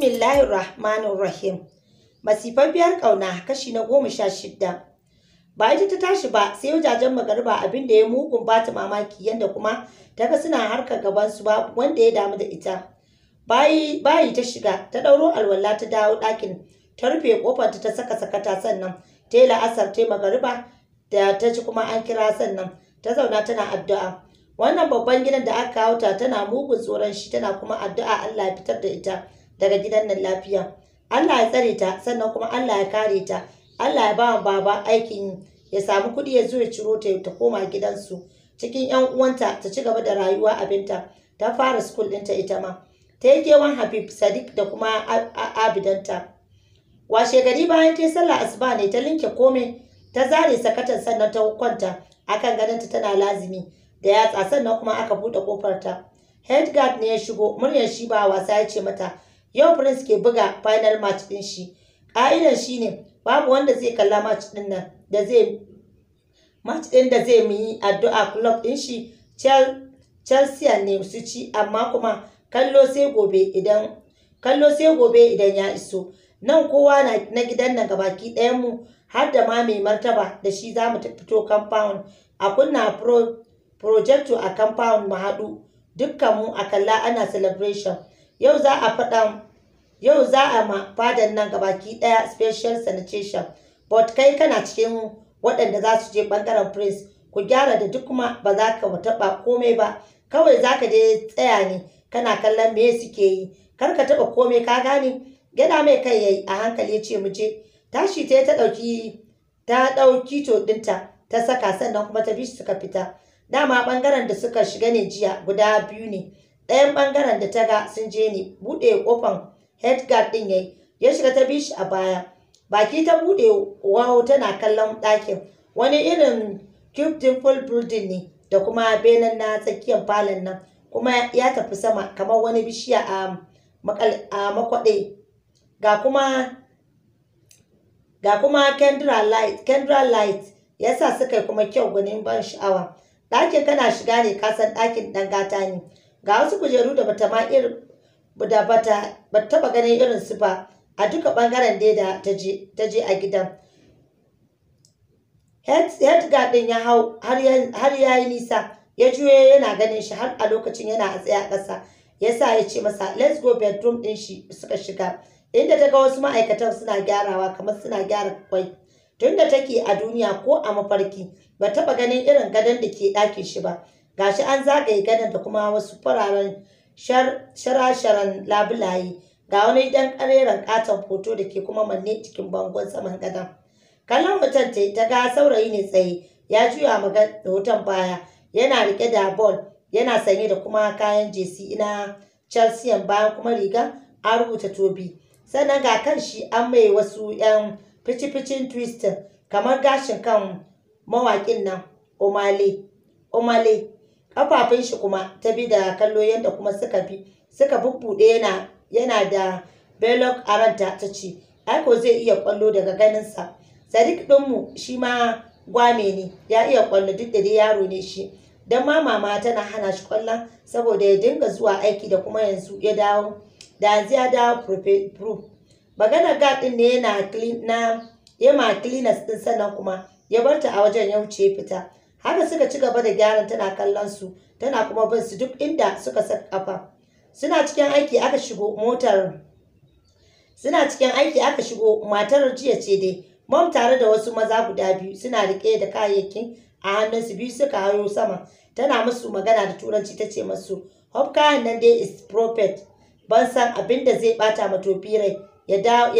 Bismillahir Rahmanir Rahim. Masifaffiyar ƙauna kashi na goma sha shidda. Ba ita ta tashi ba sai wajajen magarba abin da ya mugun bata mamaki yadda kuma ta ga suna harkar gabansu ba wanda ya damu da ita. Bayi ta shiga ta ɗauro alwala ta dawo ɗakin ta rufe kofar ta saka sakata sannan ta yi la'asar ta magariba da ta ji kuma an kira sannan ta zauna tana addu'a. Wannan babban gidan da aka kawo ta tana mugun tsoron shi tana kuma addu'a Allah ya fitar da ita. daga gidan nan lafiya Allah ya tsare ta sannan kuma Allah ya kare ta Allah ya ba baba aikin ya samu kuɗi ya zo ya ciro ta ta koma gidansu cikin yan uwanta ta ci gaba da rayuwa abinta ta fara school ta ita ma ta yi kewan Habib Sadiq da kuma abidanta washe gari bayan ta yi sallah asuba ne ta linke komai ta zare sakatan sannan ta kwanta akan gadonta tana lazimi da yatsa sannan kuma aka buɗe kofar ta headguard ne ya shigo muryar shi ba wasa ya ce mata yau prince ke buga final match din shi ƙa'idar ne babu wanda zai kalla match din nan da zai match din da zai yi addu'a club din shi chelsea ne su ci amma kuma kallo sai gobe idan kallo sai gobe idan ya iso nan kowa na gidan nan gabaki ɗayan mu har da ma mai martaba da shi za mu fito compound a kunna pro projecto a compound mu haɗu dukkan mu a kalla ana celebration yau za a faɗa yau za a ma fadan nan gabaki ɗaya special sanitation but kai kana cikin waɗanda za su je ɓangaren prince ku gyara da duk kuma ba za ka taɓa komai ba kawai za ka je tsaya ne kana kallon me suke yi kar ka taɓa komai ka gane gyaɗa mai kai yayi a hankali ya ce mu je tashi ta ta ɗauki ta ɗauki to ɗinta ta saka sannan kuma ta bi suka fita dama ɓangaren da suka shiga ne jiya guda biyu ne ɗayan ɓangaren da ta ga sun je ne buɗe ƙofan headguard ɗin yayi ya shiga ta bi a baya baki ta buɗe wawo tana kallon ɗakin wani irin cube full building ne da kuma benen na tsakiyar falon nan kuma ya tafi sama kamar wani bishiya a makwaɗe ga kuma kendra light kendra light yasa suka yi kuma kyau gwanin ban sha'awa ɗakin kana shiga ne kasan ɗakin ɗan gata ne ga wasu kujeru da bata ma irin da bata taba ganin irin su ba a duka bangaren dai da ta je a gidan headguard din ya hau har ya yi nisa ya juye yana ganin shi har a lokacin yana a tsaye a ƙasa ya sa ya ce masa let's go bedroom din shi suka shiga inda ta ga wasu ma'aikatan suna gyarawa kamar suna gyara kwai tunda take a duniya ko a mafarki ba taba ganin irin gadon da ke ɗakin shi ba gashi an zagaye gadon da kuma wasu fararen shara shara-sharan labulaye ga wani dan kareren katon hoto da ke kuma manne cikin bangon saman gadon kallon hoton ta ta ga saurayi ne tsaye ya juya maga hoton baya yana rike da ball yana sanye da kuma kayan jesi ina chelsea bayan kuma riga an rubuta tobi sannan ga kan shi an mai wasu yan fici-ficin twistin kamar gashin kan mawaƙin nan omale omale kafafun shi kuma ta bi da kallo yadda kuma suka bi suka bubbuɗe yana yana da belok a ranta ta ce aiko zai iya kwallo daga ganin sa sadiq ɗinmu shi ma gwame ne ya iya kwallo duk da dai yaro ne shi don ma mama tana hana shi kwallon saboda ya dinga zuwa aiki da kuma yanzu ya dawo da yanzu ya dawo proof maganar gad ɗin ne yana na yama cleaners ɗin sannan kuma ya barta a wajen ya wuce fita haka suka ci gaba da gyaran tana kallon su tana kuma bin su duk inda suka saka kafa suna cikin aiki aka shigo motar suna cikin aiki aka shigo matar jiya ce dai mom tare da wasu maza guda biyu suna rike da kayayyakin a hannun su biyu suka hayo sama tana musu magana da turanci ta ce masu hof nan dai is prophet ban san abin da zai bata matofi rai ya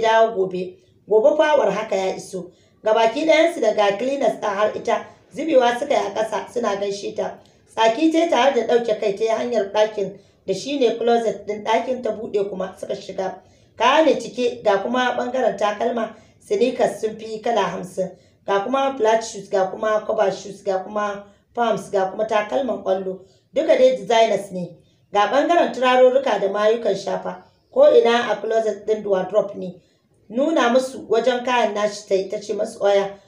dawo gobe gobe fawar haka ya iso ga baki ɗayansu daga cleaners ɗin har ita zubewa suka yi a ƙasa suna gaishe ta tsaki ta tare da ɗauke kai ta hanyar ɗakin da shine closet ɗin ɗakin ta buɗe kuma suka shiga kaya ne cike ga kuma ɓangaren takalma sneakers sun fi kala hamsin ga kuma flat shoes ga kuma cover shoes ga kuma palms ga kuma takalman ƙwallo duka dai designers ne ga ɓangaren turarurruka da mayukan shafa ko ina a closet ɗin wardrobe ne nuna musu wajen kayan nashi ta ce masu oya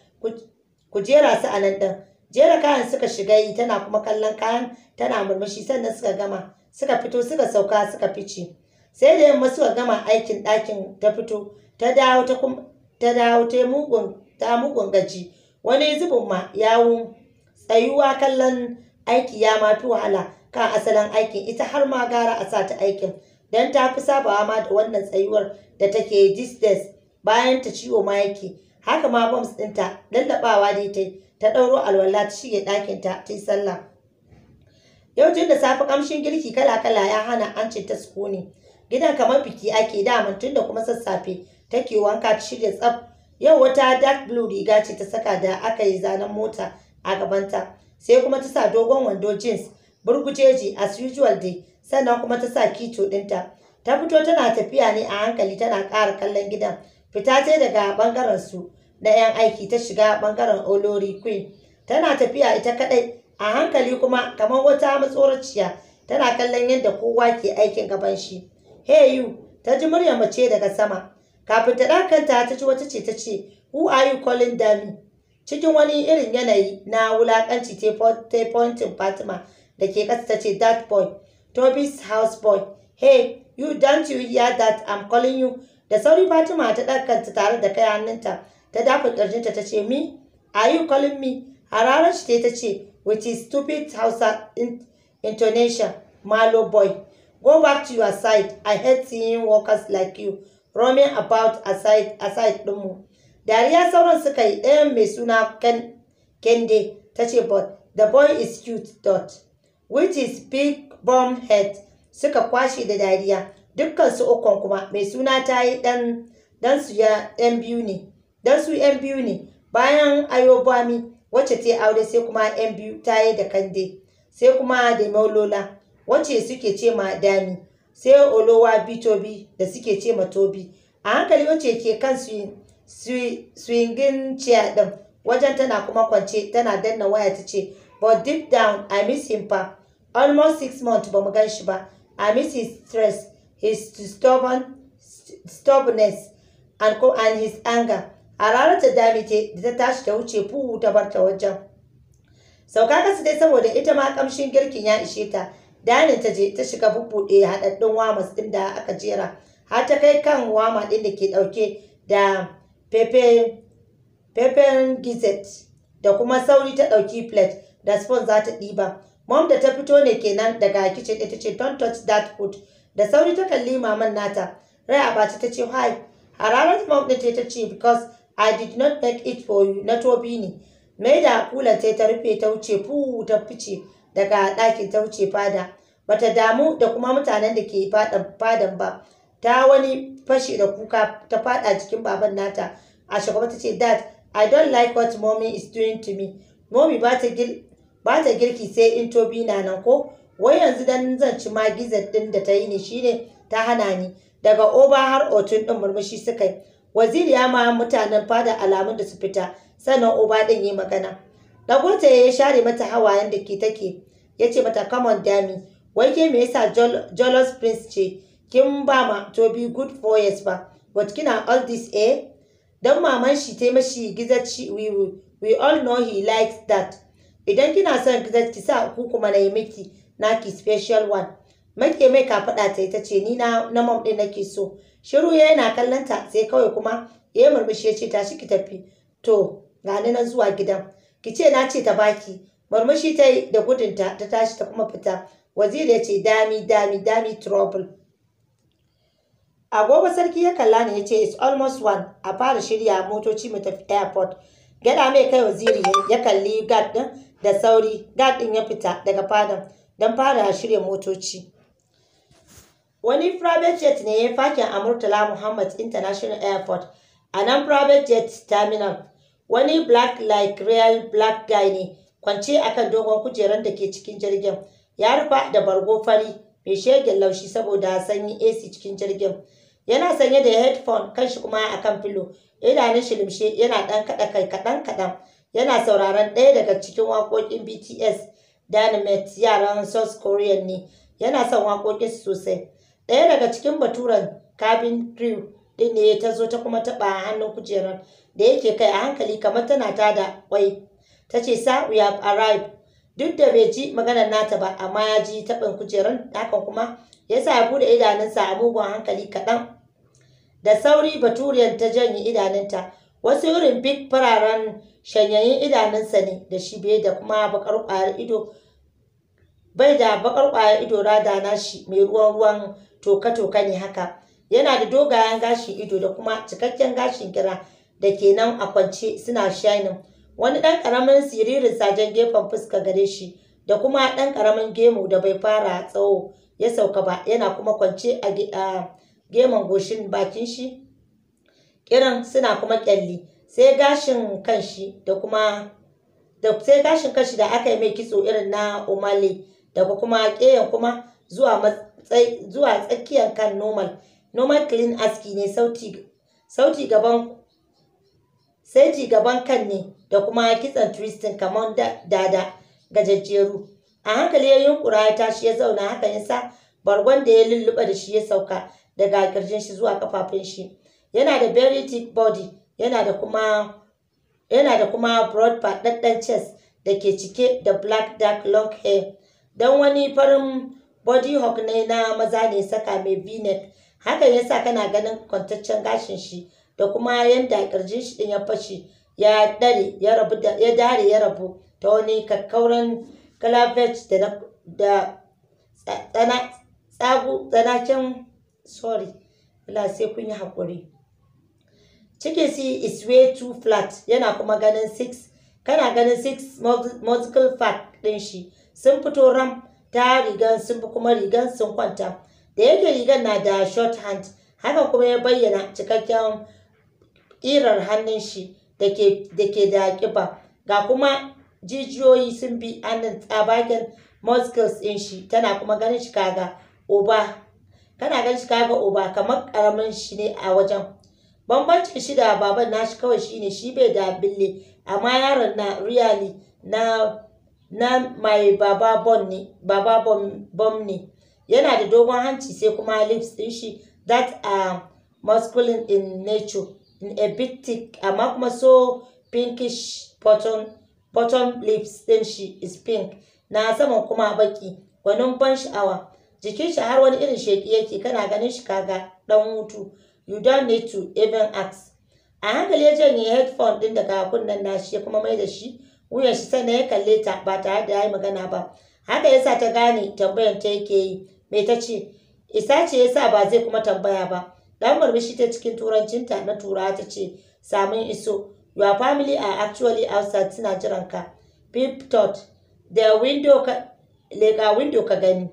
ku jera su a nan ɗin jera kayan suka shiga yi tana kuma kallon kayan tana murmushi sannan suka gama suka fito suka sauka suka fice sai da yamma suka gama aikin ɗakin ta fito ta dawo ta ta dawo ta mugun ta mugun gaji wani zubin ma yawo tsayuwa kallon aiki ya ma fi wahala kan asalin aikin ita har ma gara a sa ta aikin don ta fi sabawa ma da wannan tsayuwar da take disdes bayan ta ciwo ma yake haka ma bombs ɗinta lallaɓawa dai ta ta ɗauro alwala ta shige ɗakinta ta yi sallah yau tun da safe kamshin girki kala-kala ya hana an ta sukuni gidan kamar biki ake daman tun da kuma sassafe take wanka ta shirya tsaf yau wata dark blue riga ce ta saka da aka yi zanen mota a gabanta sai kuma ta sa dogon wando jeans burgujeji as usual dai sannan kuma ta sa kito ɗinta ta fito tana tafiya ne a hankali tana ƙara kallon gidan fita sai daga bangaren su na 'yan aiki ta shiga bangaren olori queen tana tafiya ita kaɗai a hankali kuma kamar wata matsoraciya tana kallon yadda kowa ke aikin gaban shi hey you ta ji muryar mace daga sama kafin ta ɗakanta ta ji wata ce ta ce who are you calling dami cikin wani irin yanayi na wulakanci ta pointing fatima da ke ƙasa ta ce that boy toby's house boy hey you don't you hear that i'm calling you da sauri fatima ta ɗaukanta tare da kai hannunta ta dafa ƙirjinta ta ce me are you calling me hararar shi ta ce which is stupid hausa intonation malo boy go back to your side i hate seeing workers like you roaming about aside aside ɗinmu dariya sauran suka yi ɗayan mai suna kende ta ce but the boy is cute dot which is big bomb head suka kwashe da dariya dukkan su ukun kuma mai suna ta yi ɗan su ya ɗan biyu ne dan su 'yan biyu ne bayan ayobami wacce ta yi aure sai kuma 'yan biyu ta yi da kande sai kuma da maulola wacce suke ce ma dami sai olowa bitobi da suke ce ma tobi a hankali wacce ke kan swingin chair din wajen tana kuma kwance tana danna waya ta ce but deep down i miss him fa almost six months ba mu gan shi ba i miss his stress his stubbornness and his anger hararar ta damite da ta tashi ta wuce fuhu ta bar ta wajen sauka kasu dai saboda ita ma kamshin girkin ya ishe ta dani ta je ta shiga bubbuɗe haɗaɗɗun wamas ɗin da aka jera har ta kai kan wama ɗin da ke ɗauke da pepen gizet da kuma sauri ta ɗauki plate da spoon za ta ɗiba mom da ta fito ne kenan daga kicin ita ce don't touch that food da sauri ta kalli maman nata rai a ta ce hi a ranar mom ɗin ta ce because I did not take it for you na tobi ne mai da kula ta ta rufe ta wuce fu ta fice daga ɗakin ta wuce fada bata damu da kuma mutanen da ke fadan ba ta wani fashi da kuka ta faɗa cikin baban nata a shagwaba ta ce dad I don't like what mommy is doing to me mommy ba ta girki sai in tobi na nan ko wai yanzu dan zan ci magizar din da ta yi ne shine ta hana ni daga oba har otun din murmushi suka yi waziri ya ma mutanen fada alamun da su fita sannan uba din yi magana dagurta ya share mata hawayen da ke take ya ce mata on dami wai ke me yasa jolos prince ce kin ba ma be good for years ba but kina all this eh dan maman shi ta mashi gizaci we, we all know he likes that idan kina son gizaci sa ku kuma na yi miki naki special one Make mai kafaɗa ta yi ce ni na na mom ɗin nake so. Shiru ya yana kallon ta sai kawai kuma ya murmushi ya ce tashi ki tafi. To ga ni nan zuwa gidan. Ki ce na ce ta baki. Murmushi ta yi da gudunta ta tashi ta kuma fita. Waziri ya ce dami dami dami trouble. Agogo sarki ya kalla ni ya ce it's almost one a fara shirya motoci mu tafi airport. Gada mai kai waziri ya kalli guard din da sauri guard ɗin ya fita daga fadan don fara shirya motoci. Wani private jet ne ya fakin a Murtala Muhammad International Airport a nan private jet terminal. Wani black like real black guy ne kwance akan dogon kujerar da ke cikin jirgin. Ya rufa da bargo fari mai shegen laushi saboda sanyi AC cikin jirgin. Yana sanye da headphone shi kuma akan filo. Idanun shi limshe yana ɗan kaɗa kai kaɗan kaɗan. Yana sauraron ɗaya daga cikin waƙoƙin BTS Dynamite yaran South Korean ne. Yana son waƙoƙinsu sosai. ɗaya daga cikin baturan cabin crew din ne ta zo ta kuma taba hannun kujerar da yake kai a hankali kamar tana ta da kwai ta ce sa we have arrived duk da bai ji maganar nata ba amma ya ji taɓin kujerar haka kuma ya sa ya buɗe idanunsa a hankali kaɗan da sauri baturiyar ta janye idanunta wasu irin big fararen shanyayin idanunsa ne da shi bai da kuma bakar ƙwayar ido bai da bakar ƙwayar ido rada na mai ruwan ruwan toka-toka ne haka yana da dogayen gashin ido da kuma cikakken gashin kira da ke nan a kwance suna shining wani ɗan ƙaramin siririn sajen gefen fuska gare shi da kuma ɗan ƙaramin gemu da bai fara tsawo ya sauka ba yana kuma kwance a gemun goshin bakin shi kiran suna kuma kyalli sai gashin kanshi da kuma da sai gashin kanshi da aka yi mai kitso irin na omale da kuma keyan kuma zuwa zuwa tsakiyar kan normal normal clean aski ne sauti sauti gaban gaban kan ne da kuma kitson twisting kamar dada gajejjeru a hankali ya yunkura ya tashi ya zauna haka ya sa bargon da ya lulluɓa da shi ya sauka daga kirjin shi zuwa kafafun shi yana da very thick body yana da kuma yana da kuma broad faɗaɗɗen chest da ke cike da black dark long hair don wani farin body hawk ne na maza ne saka mai v-neck hakan yasa kana ganin kwantaccen gashin shi da kuma yadda kirjin shi din ya fashi ya dare ya rabu ya dare ya rabu ta wani kakkauran clavage da da tsana tsagu tsanaken sorry Allah sai kun yi hakuri cikin si is way too flat yana kuma ganin six kana ganin six muscle fat din shi sun fito ram ta rigan sun fi kuma rigan sun kwanta da yake rigan na da short hand haka kuma ya bayyana cikakken ƙirar hannun shi da ke da kiba, ga kuma jijiyoyi sun bi hannun tsabagen muscles ɗin shi tana kuma ganin shi kaga oba kana ganin shi kaga oba kamar karamin shi ne a wajen bambancin shi da baban nashi kawai shine shi bai da bille amma yaron na really na na mai baba ne yana da dogon hanci sai kuma lips din shi that are masculine in nature in a bit thick amma kuma so pinkish bottom bottom lips din shi is pink na saman kuma baki gwanin ban sha'awa jikin shi har wani irin sheki yake kana ganin shi kaga dan hutu you don't need to even ask a hankali ya janye headphone din daga kunnen nashi ya kuma mai da shi wuyan shi sannan ya kalle ta ba tare da ya yi magana ba haka yasa ta gane tambayan ta yake yi me ta ce isa ce yasa ba zai kuma tambaya ba dan murmushi ta cikin turancinta na turawa ta ce samun iso your family are actually outside suna jiran ka pip tot da window ka leka window ka gani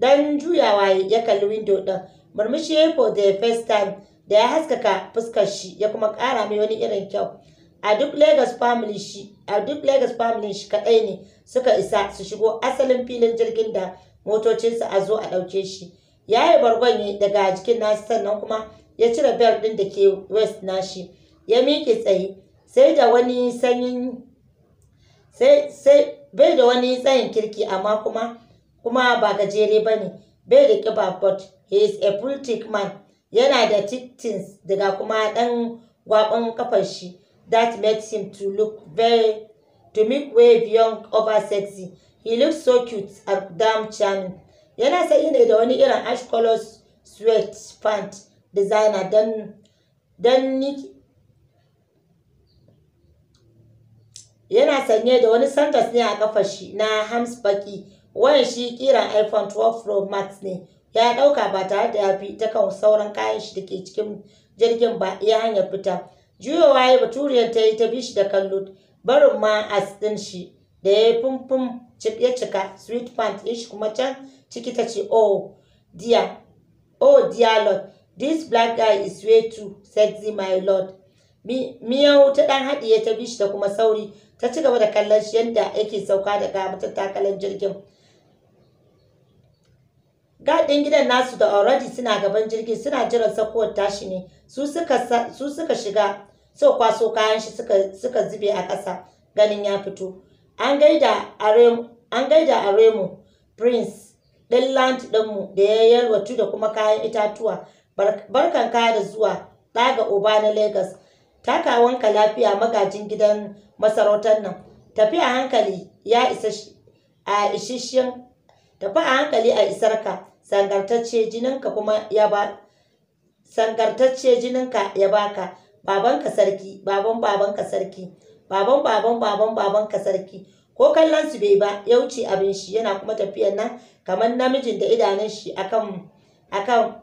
dan juyawa ya kalli window din murmushi ya for the first time da ya haskaka fuskar shi ya kuma ƙara mai wani irin kyau a duk Lagos family shi a duk Lagos family shi kadai ne suka isa su shigo asalin filin jirgin da motocinsa a zo a ɗauke shi ya yi bargon daga jikin nasu sannan kuma ya cire bel ɗin da ke west nashi ya miƙe tsaye sai da wani sanyin sai sai bai da wani tsayin kirki amma kuma kuma ba gajere ba ne bai da ƙiba but he is a politic man yana da tittins daga kuma ɗan gwaɓin kafar shi that makes him to look very to make wave young over sexy he looks so cute and damn charming yana sai ne da wani an ash color sweat pant designer then then need yana sanye da wani sandals ne a kafar shi na hams baki wayan shi kiran iphone 12 pro max ne ya dauka ba tare da ya fi ta kan sauran kayan shi da ke cikin jirgin ba iya hanyar fita juyowa ya baturiyar ta yi ta bishi da kallo barin ma a ɗin shi da ya yi fumfum ya cika sweet pant ɗin shi kuma can ciki ta ce oh dear oh dear lord this black guy is way too sexy my lord miyau ta dan haɗiye ta bishi da kuma sauri ta ci gaba da kallon shi yadda yake sauka daga matattakalan jirgin gadin gidan nasu da already suna gaban jirgi suna jiran sakowar tashi ne su suka shiga so kwaso kayan shi suka zube a ƙasa ganin ya fito. An gaida Aremu Prince ɗin land ɗinmu da ya yalwatu da kuma kayan itatuwa barkan kaya da zuwa ɗaga oba na Legas. Takawanka lafiya magajin gidan masarautar nan. Tafi a hankali ya isa a isishin tafi a hankali a isarka sangartacce jininka kuma ya ba sangartacce jininka ya baka babanka sarki baban babanka sarki baban baban baban babanka sarki ko kallon su bai ba ya wuce abin shi yana kuma tafiyar nan kamar namijin da idanun shi akan akan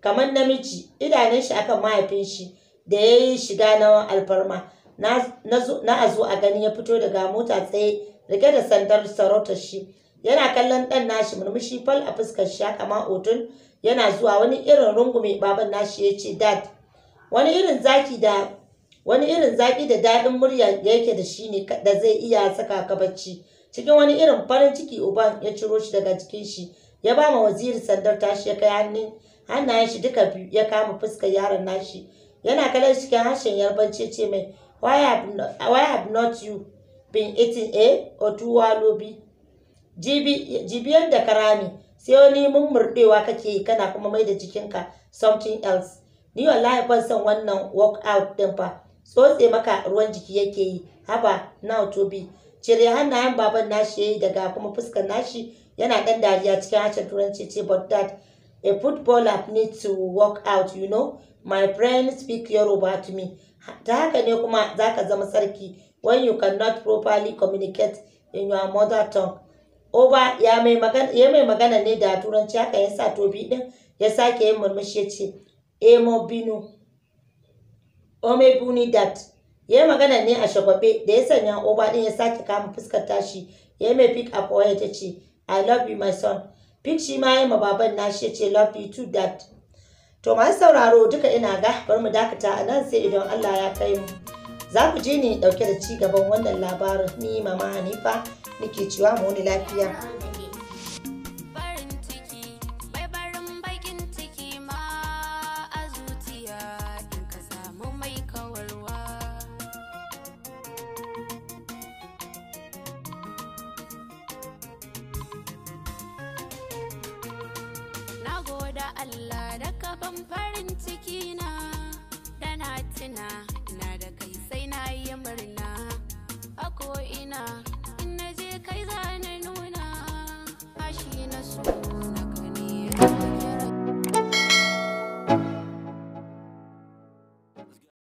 kamar namiji idanun shi akan mahaifin shi da ya yi shiga na alfarma na na zo a gani ya fito daga mota tsaye rike da sandar sarautar shi yana kallon ɗan nashi murmushi fal a fuskar shi haka ma otun yana zuwa wani irin rungume baban nashi ya ce dad wani irin zaki da wani irin zaki da daɗin murya yake da shi ne da zai iya saka ka bacci cikin wani irin farin ciki uban ya ciro shi daga jikin shi ya ba ma waziri sandar tashi ya kai hannun hannayen shi duka biyu ya kama fuskar yaron nashi yana kallon cikin harshen yarbanci ce mai why have not you been eating eh otuwa lobi jibiyar da karami sai wani murɗewa kake yi kana kuma mai da jikinka something else ni wallahi ban son wannan work-out din fa tsotse maka ruwan jiki yake yi haba na to be cire hannayen baban nashi yayi daga kuma fuskar nashi yana ɗan dariya cikin harshen turanci ce but that a footballer needs to work out you know my friend speak yoruba to me ta haka ne kuma za ka zama sarki when you cannot properly communicate in your mother tongue Oba ya mai magana ne da turanci haka ya sa tobi ɗin ya sake yin murmushi ya ce, Emo eh, Binu, Ome Buni Dat. Ya yi magana ne a shagwabe da ya sanya Oba din ya sake kama fuskar tashi ya mai pick up waya ta ce, I love you my son. Pick shi ma ya ma baban nashi ya ce, Love you too dat To masu sauraro duka ina ga bari mu dakata a nan sai idan Allah ya kai mu. za ku je ne dauke da ci gaban wannan labarin ni mama hanifa nake cewa mu wani lafiya goda Allah da kafan farin ciki na da na tuna na da na yi murna a ina.